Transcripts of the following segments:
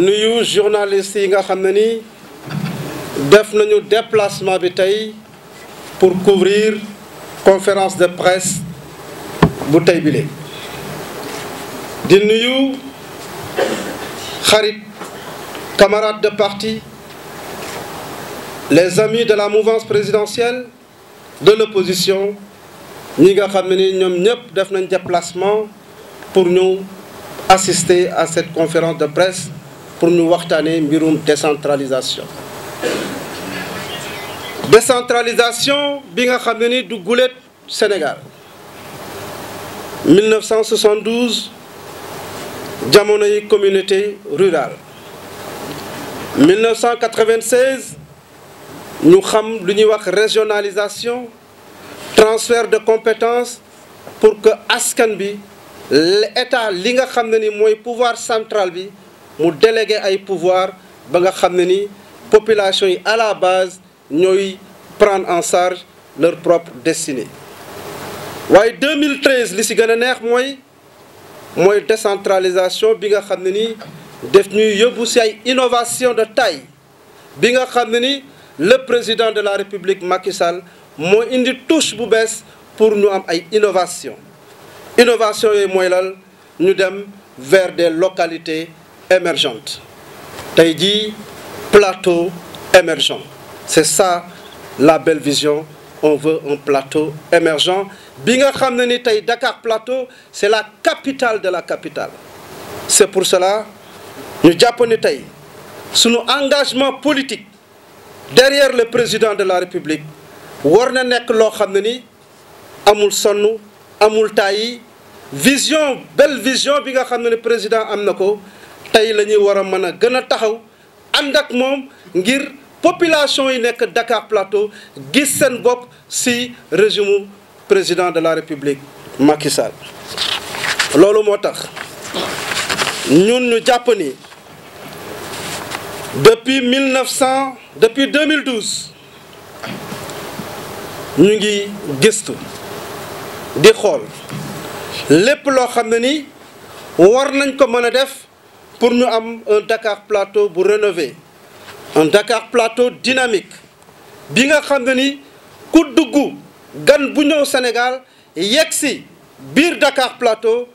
nuyu journaliste yi nga xam ne ni def nañu déplacement bi tey pour couvrir conférence de presse bu tey bile di nuyu xarit camarades de parti les amis de la mouvance présidentielle de l'opposition ñi nga xam ne ni ñoom ñëpp def nañ déplacement pour ñu assister à cette conférence de presse pour ñu waxtaanee mbirum décentralisation décentralisation bi nga xam ne ni du guléet Sénégal 1972 jamono yi communauté rurale 1996 ñu xam lu ñuy wax régionalisation transfert de compétence pour que askan bi état li nga xam ne ni mooy pouvoir centrale bi mu délégué ay pouvoir ba nga xam ne ni population yi à la base ñooy prendre en charge leur propre destinée waaye 2013 li si gën a neex mooy mooy décentralisation bi nga xam ne ni def ñuy yóbbu ci ay innovation de taille bi nga xam ne ni le président de la république Macky Sall moo indi touche bu bees pour ñu am ay innovation innovation yooyu mooy lal ñu dem vers des localités émergente tey jii plateau émergent c'est ça la belle vision on veut un plateau émergent bi nga xam ne ni tey Dakar Plateau c'est la capitale de la capitale c'est pour cela ñu jàpp ne tey sunu engagement politique derrière le président de la République war na nekk loo xam ne ni amul sonn amul tàyyi vision belle vision bi nga xam ne ni président am na ko tey lañuy ñuy war a mën a gën a taxaw ànd ak moom ngir population yi nekk Dakar Plateau gis seen bopp ci régime président de la République makisal loolu moo tax ñun ñu jàpp ni depuis 1900 depuis 2012 ñu ngi gëstu di xool lépp loo xam ne ni war nañ ko mën a def pour ñu am un Dakar Plateau bu rénové un Dakar Plateau dynamique bi nga xam ne ni ku dugg gan bu ñëw Sénégal yegg si biir Dakar Plateau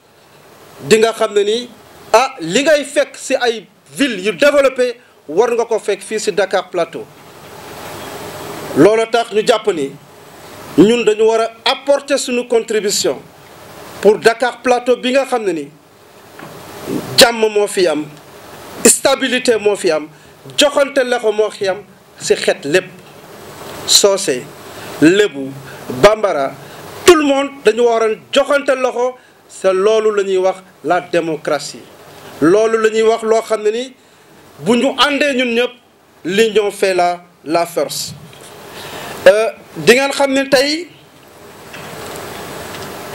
di nga xam ne ni ah li ngay fekk si ay ville yu développé war nga ko fekk fii si Dakar Plateau loolu tax ñu jàpp ni ñun dañu war a apporter suñu contribution pour Dakar Plateau bi nga xam ne ni jàmm moo fi am stabilité moo fi am joxante loxo moo fi am si xeet lépp soose lébu bambara tout le monde dañu waral joxante loxo c'est loolu la ñuy wax la démocratie loolu la ñuy wax loo xam ne ni bu ñu àndee ñun ñëpp l'union fait la la force euh, di xam ne tey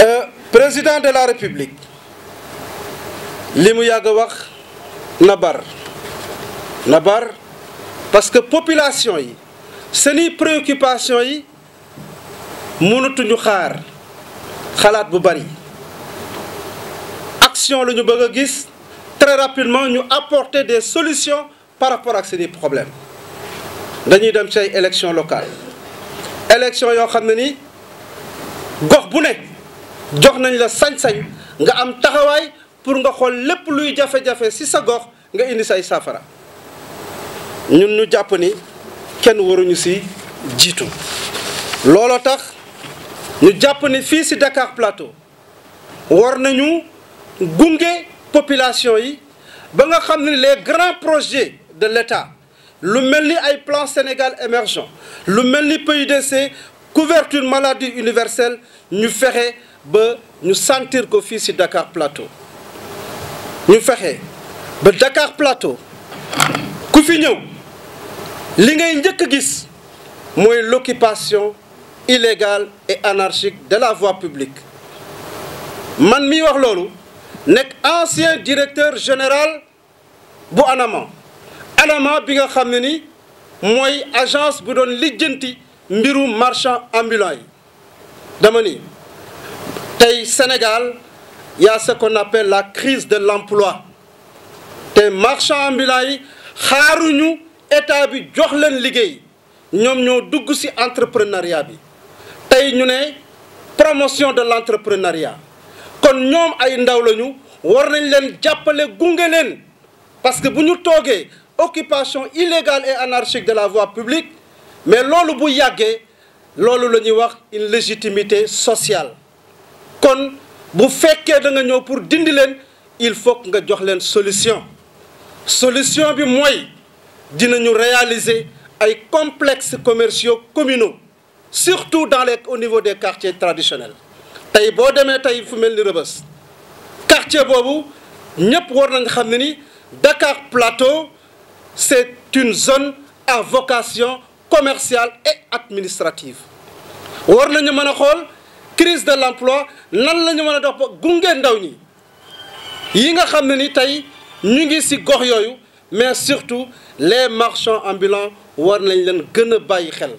euh, président de la république li mu yàgg wax na bar na bar parce que population yi seeni préoccupation yi mënatuñu xaar xalaat bu bari action lañu ñu bëgg a gis très rapidement ñu apporter des solutions par rapport ak seeni problème dañuy dem ci ay élection locale élection yoo xam ne ni gox bu nekk jox nañ la sañ-sañ nga am taxawaay pour nga xool lépp luy jafe-jafe ci sa gox nga indi say safara ñun ñu jàpp ni kenn waruñu ci jiitu looloo tax ñu jàpp ni fii ci Dakar Plateau war nañu gunge population yi ba nga xam ne les grands projet de l'État lu mel ni ay plan Sénégal émergent lu mel ni de PUDC couverture maladie universelle ñu fexe ba ñu sentir ko fii ci Dakar Plateau ñu fexe ba Dakar Plateau ku fi ñëw li ngay njëkk a gis mooy l'occupation illégale et anarchique de la voie publique man mi wax loolu nekk ancien directeur général bu ANAMA ANAMA bi nga xam ne ni mooy agence bu doon lijjanti mbiru marchand ambulant yi dama ni tey Sénégal il y a ce qu'on appelle la crise de l'emploi te marchand ambulant xaaruñu état bi jox leen liggéey ñoom ñoo dugg ci entrepreneuriat bi tey ñu ne promotion de l'entrepreneuriat kon ñoom ay ndaw lañu war nañ leen jàppale gunge leen parce que bu ñu toogee occupation illégale et anarchique de la voie publique mais loolu bu yàggee loolu la ñuy wax une légitimité sociale kon bu fekkee da ñëw pour dindi leen il faut nga jox leen solution solution bi mooy dina ñu réaliser ay complexes commerciaux communaux surtout dans les au niveau des quartiers traditionnels tey boo demee tey fu mel ni Rebeuss quartier boobu ñëpp war nañ xam ne ni Dakar Plateau c'est une zone à vocation commerciale et administrative war nañu mën a xool crise de l'emploi nan la ñu mën a dox ba gungee ndaw ñi yi nga xam ne ni tey ñu ngi ci gox yooyu mais surtout les marchands ambulants war nañ leen gën a bàyyi xel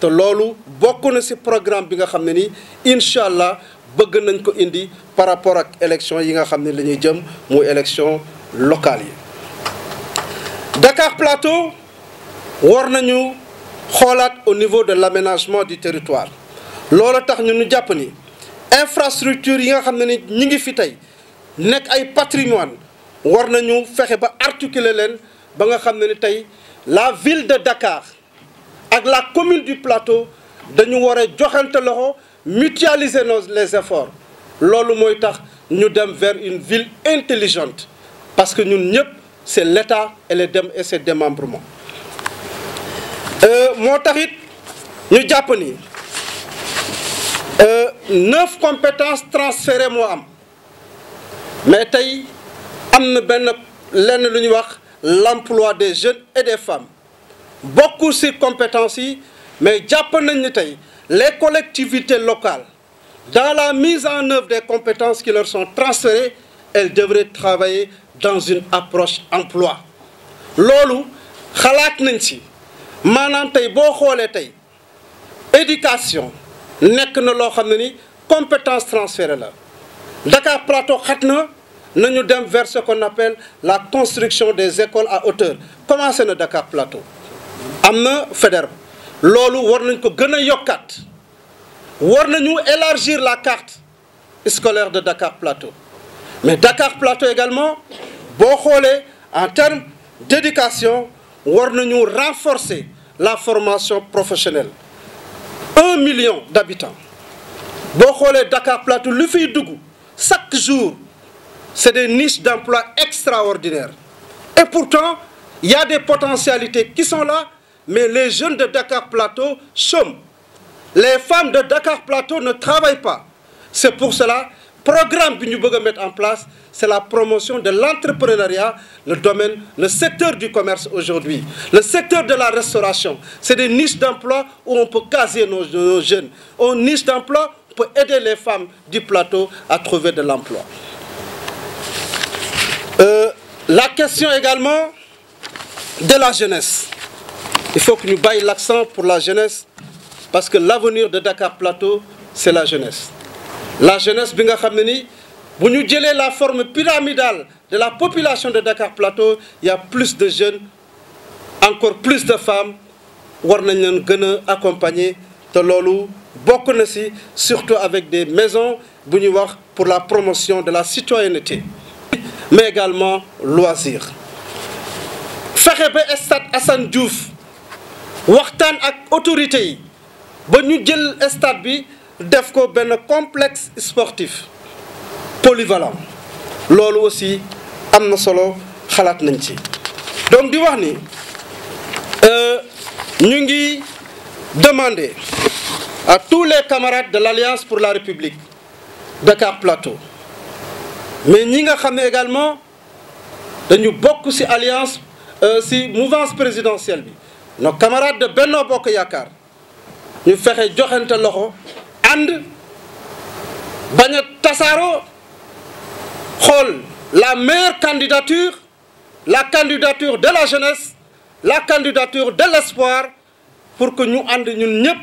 te loolu bokk na ci programme bi nga xam ne ni incha allah bëgg nañ ko indi par rapport ak élection yi nga xam ne lañuy jëm muy élection locale yi Dakar Plateau war nañu xoolaat au niveau de l'aménagement du territoire loolu tax ñu ñu jàpp ni infrastructure yi nga xam ne ni ñu ngi fi tey nekk ay patrimoine war nañu fexe ba articuler leen ba nga xam ne ni tey la ville de Dakar ak la commune du plateau dañu war a joxante loxo mutualiser nos les efforts loolu mooy tax ñu dem vers une ville intelligente parce que ñun ñëpp c'est l'État et les dem et ses démembrements euh, moo tax it ñu jàpp ni Euh, neuf compétences transférées moo am mais tey am na benn lenn lu ñuy wax l'emploi des jeunes et des femmes beaucoup si compétences yi mais jàpp nañ ni tey les collectivités locales dans la mise en œuvre des compétences qui leur sont transférées elles devraient travailler dans une approche emploi loolu xalaat nañ si maanaam tey boo xoolee tey éducation nekk na loo xam ne ni compétence transférée la Dakar Plateau xat na nañu dem vers ce qu'on appelle la construction des écoles à hauteur commencé na Dakar Plateau am na FEDERB loolu war nañ ko gën a yokkaat war nañu élargir la carte scolaire de Dakar Plateau mais Dakar Plateau également boo xoolee en termes d'éducation war nañu renforcer la formation professionnelle un million d'habitants boo xoolee Dakar Plateau lu fiy dugg chaque jour c'est des niches d'emploi extraordinaires et pourtant il y a des potentialités qui sont là mais les jeunes de Dakar Plateau chôment les femmes de Dakar Plateau ne travaillent pas c'est pour cela programme que nous voulons mettre en place, c'est la promotion de l'entrepreneuriat, le domaine, le secteur du commerce aujourd'hui, le secteur de la restauration. C'est des niches d'emploi où on peut caser nos, nos jeunes. On niche d'emploi pour aider les femmes du plateau à trouver de l'emploi. Euh, la question également de la jeunesse. Il faut que nous baillons l'accent pour la jeunesse parce que l'avenir de Dakar Plateau, c'est la jeunesse. la jeunesse bi nga xam ne ni bu ñu jëlee la forme pyramidale de la population de Dakar Plateau il plus de jeunes encore plus de femmes war nañ leen gën a accompagner te loolu bokk na ci surtout avec des maisons bu ñuy wax pour la promotion de la citoyenneté mais également loisir fexe ba stade Assane Diouf waxtaan ak autorités yi ba ñu jël stade bi def ko benn complexe sportif polyvalent loolu aussi am na solo xalaat nañ ci donc di wax ni euh, ñu ngi demander à tous les camarades de l'Alliance pour la République Dakar Plateau mais ñi nga xam ne également dañu bokk ci alliance euh, ci mouvance présidentielle bi nos camarades de Benno Bokk Yaakaar ñu fexe joxante loxo ànd bañ a xool la meilleure candidature la candidature de la jeunesse la candidature de l'espoir pour que ñu ànd ñun ñëpp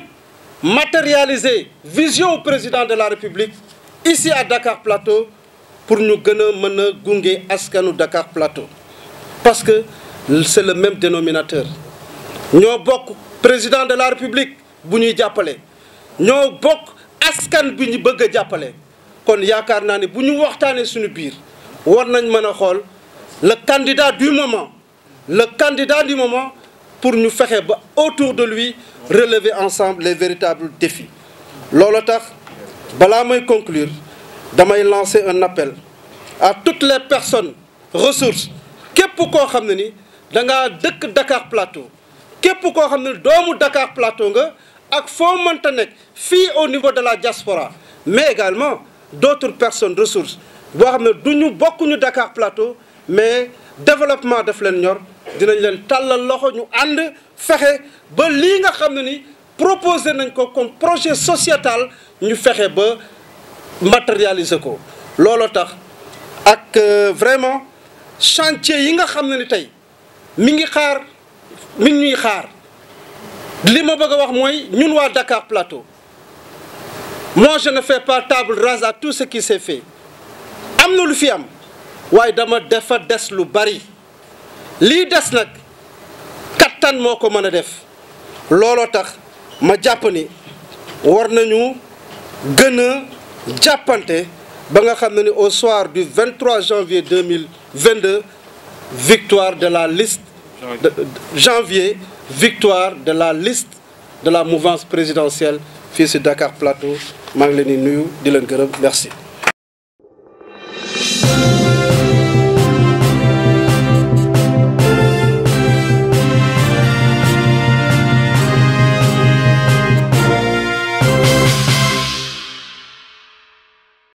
matérialiser vision président de la République ici à Dakar Plateau pour ñu gën a mën a gunge askanu Dakar Plateau parce que c'est le même dénominateur ñoo bokk président de la République bu ñuy jàppale askan bi ñu bëgg a jàppale kon yaakaar naa ne bu ñu waxtaanee suñu biir war nañ mën a xool la candidat du moment le candidat du moment pour ñu fexe ba autour de lui relever ensemble les véritables défis loolu tax balaa may conclure damay lancer un appel à toutes les personnes ressources képp koo xam ne ni danga dëkk Dakar Plateau képp koo xam ne ni doomu Dakar Plateau nga ak foo mënta nekk fii au niveau de la diaspora mais également d'autres personnes ressources boo xam ne du ñu bokkuñu Dakar Plateau mais développement def leen ñor dinañ leen tàllal loxo ñu ànd fexe ba lii nga xam ne ni proposé nañ ko comme projet sociétal ñu fexe ba matérialiser ko looloo tax ak euh, vraiment chantier yi nga xam ne ni tey mi ngi xaar mi ñuy xaar li ma bëgg a wax mooy ñun waa Dakar Plateau moi je ne fais pas table rase à tout ce qui s'est fait am na lu fi am waaye dama defa des lu bari lii des nag kattan moo ko mën a def looloo tax ma jàpp ni war nañu gën a jàppante ba nga xam ne ni au soir du 23 janvier 2022 victoire de la liste de janvier victoire de la liste de la mouvance présidentielle fii si Dakar Plateau maa ngi leen di nuyu di leen gërëm merci